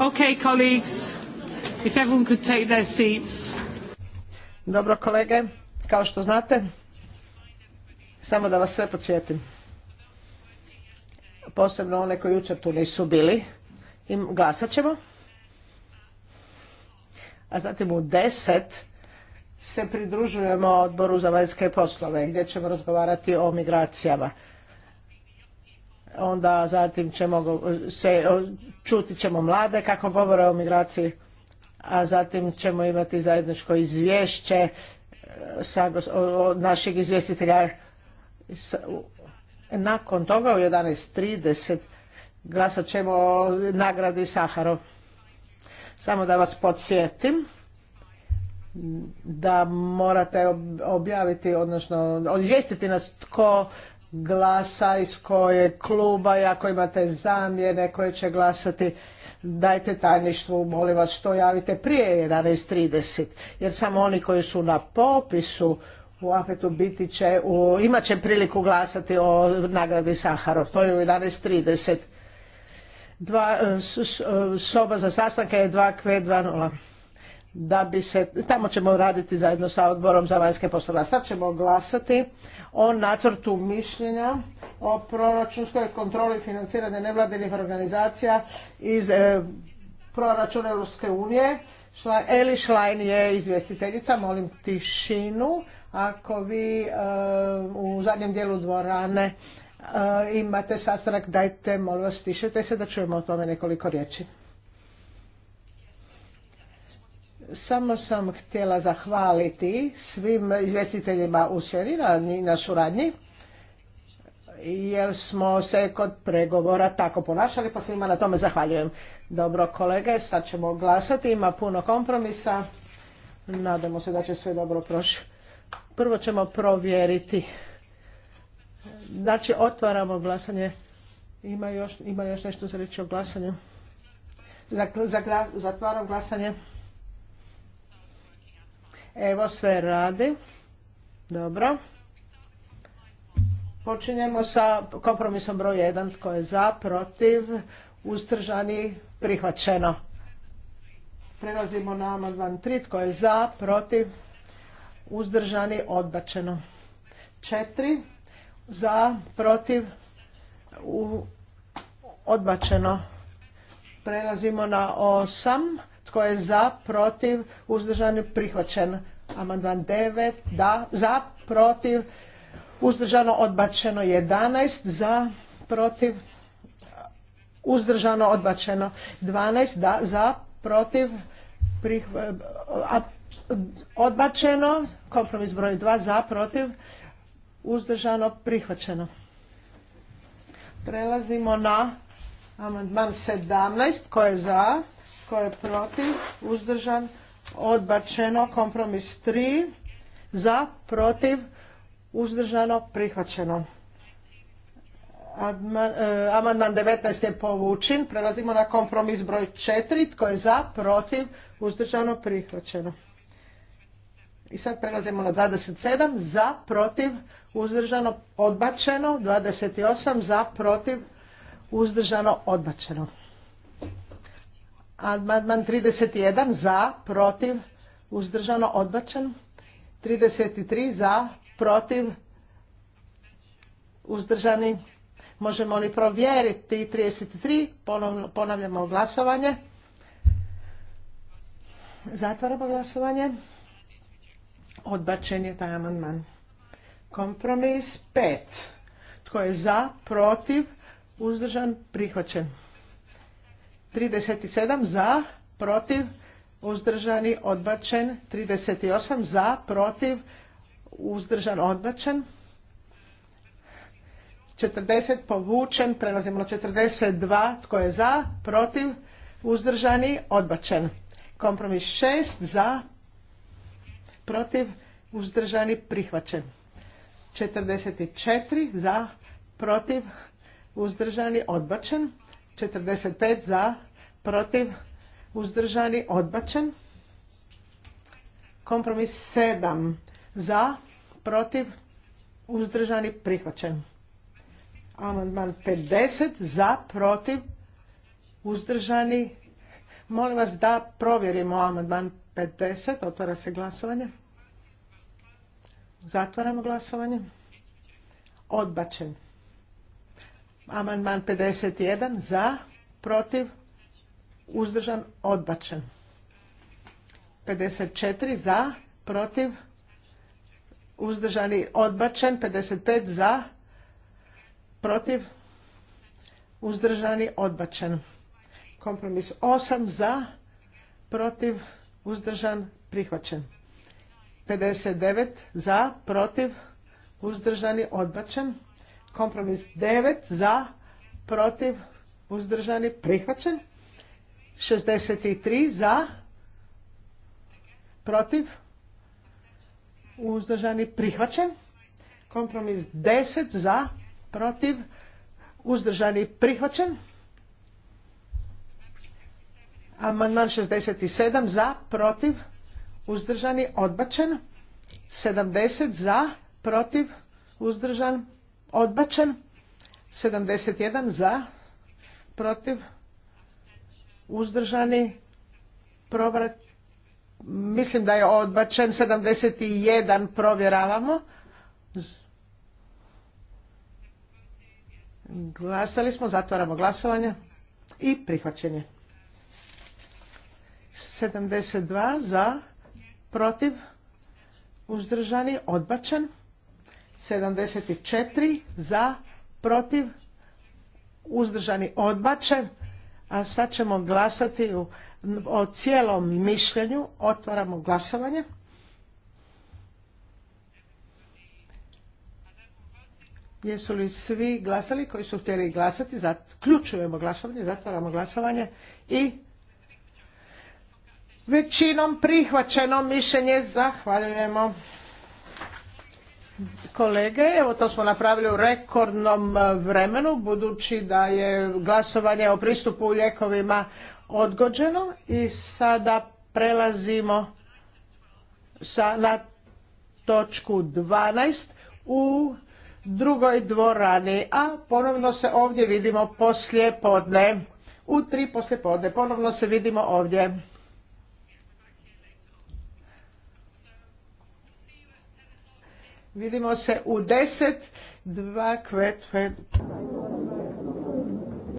Okay. Dobro kolege, kao što znate, samo da vas sve podsjetim. Posebno one koji jučer tu nisu bili. im glasat ćemo. A zatim u deset se pridružujemo odboru za vanjske poslove gdje ćemo razgovarati o migracijama onda zatim ćemo se, čuti ćemo mlade kako govore o migraciji, a zatim ćemo imati zajedničko izvješće e, sa, o, našeg izvjestitelja. Nakon toga u 11.30 glasat ćemo o nagradi Saharov. Samo da vas podsjetim da morate objaviti, odnosno izvijestiti nas tko glasa, iz koje kluba i ako imate zamjene koje će glasati, dajte tajništvu, molim vas, što javite prije 11.30, jer samo oni koji su na popisu u Afetu biti će, u, imat će priliku glasati o nagradi Saharov, to je u 11.30. soba za sastanke je 2Q20 da bi se, tamo ćemo raditi zajedno sa odborom za vanjske poslove. Sad ćemo glasati o nacrtu mišljenja o proračunskoj kontroli financiranja nevladinih organizacija iz e, proračuna Europske unije. Šla, Eli je izvjestiteljica, molim tišinu. Ako vi e, u zadnjem dijelu dvorane e, imate sastanak, dajte, molim vas, tišite se da čujemo o tome nekoliko riječi. Samo sam htjela zahvaliti svim izvjestiteljima u sjeri na suradnji jer smo se kod pregovora tako ponašali, pa svima na tome zahvaljujem. Dobro kolege, sad ćemo glasati, ima puno kompromisa, nadamo se da će sve dobro proći. Prvo ćemo provjeriti, znači otvaramo glasanje, ima još, ima još nešto za reći o glasanju, zatvaram glasanje. Evo sve radi. Dobro. Počinjemo sa kompromisom broj 1. Tko je za, protiv, ustržani, prihvaćeno. Prelazimo na amandman 3. Tko je za, protiv, uzdržani, odbačeno. 4. Za, protiv, odbačeno. Prelazimo na 8. Tko je za, protiv, uzdržan, prihvaćen. Amandman 9, da, za, protiv, uzdržano, odbačeno 11, za, protiv, uzdržano, odbačeno 12, da, za, protiv, prihva, a, odbačeno, kompromis broj 2, za, protiv, uzdržano, prihvaćeno. Prelazimo na amandman 17, tko je za, tko je protiv? Uzdržan? Odbačeno. Kompromis 3. Za? Protiv? Uzdržano? Prihvaćeno. E, amandman 19 je povučen. Prelazimo na kompromis broj 4. Tko je za? Protiv? Uzdržano? Prihvaćeno. I sad prelazimo na 27. Za? Protiv? Uzdržano? Odbačeno. 28. Za? Protiv? Uzdržano? Odbačeno. Amandman 31 za, protiv, uzdržano, odbačen. 33 za, protiv, uzdržani. Možemo li provjeriti 33? ponavljamo glasovanje. Zatvaramo glasovanje. Odbačen je taj amandman. Kompromis 5. Tko je za, protiv, uzdržan, prihvaćen. 37 za, protiv, uzdržani, odbačen. 38 za, protiv, uzdržan, odbačen. 40 povučen, prelazimo na 42, tko je za, protiv, uzdržani, odbačen. Kompromis 6 za, protiv, uzdržani, prihvaćen. 44 za, protiv, uzdržani, odbačen. 45 za, protiv, uzdržani, odbačen. Kompromis 7 za, protiv, uzdržani, prihvaćen. Amandman 50 za, protiv, uzdržani. Molim vas da provjerimo amandman 50. Otvara se glasovanje. Zatvaramo glasovanje. Odbačen. Amandman 51 za, protiv, uzdržan, odbačen. 54 za, protiv, uzdržani, odbačen. 55 za, protiv, uzdržani, odbačen. Kompromis 8 za, protiv, uzdržan, prihvaćen. 59 za, protiv, uzdržani, odbačen. Kompromis 9 za, protiv, uzdržani, prihvaćen. 63 za, protiv, uzdržani, prihvaćen. Kompromis 10 za, protiv, uzdržani, prihvaćen. Amandman 67 za, protiv, uzdržani, odbačen. 70 za, protiv, uzdržan, Odbačen. 71 za. Protiv. Uzdržani. Mislim da je odbačen. 71 provjeravamo. Glasali smo, zatvaramo glasovanje i prihvaćen je. 72 za, protiv, uzdržani, odbačen. 74 za, protiv, uzdržani odbačen. A sad ćemo glasati o cijelom mišljenju. Otvaramo glasovanje. Jesu li svi glasali koji su htjeli glasati? Zaključujemo glasovanje, zatvaramo glasovanje i većinom prihvaćeno mišljenje zahvaljujemo kolege. Evo to smo napravili u rekordnom e, vremenu budući da je glasovanje o pristupu u ljekovima odgođeno i sada prelazimo sa, na točku 12 u drugoj dvorani, a ponovno se ovdje vidimo poslije podne. U tri poslije podne ponovno se vidimo ovdje. Vidimo se u 10, 2, kvet,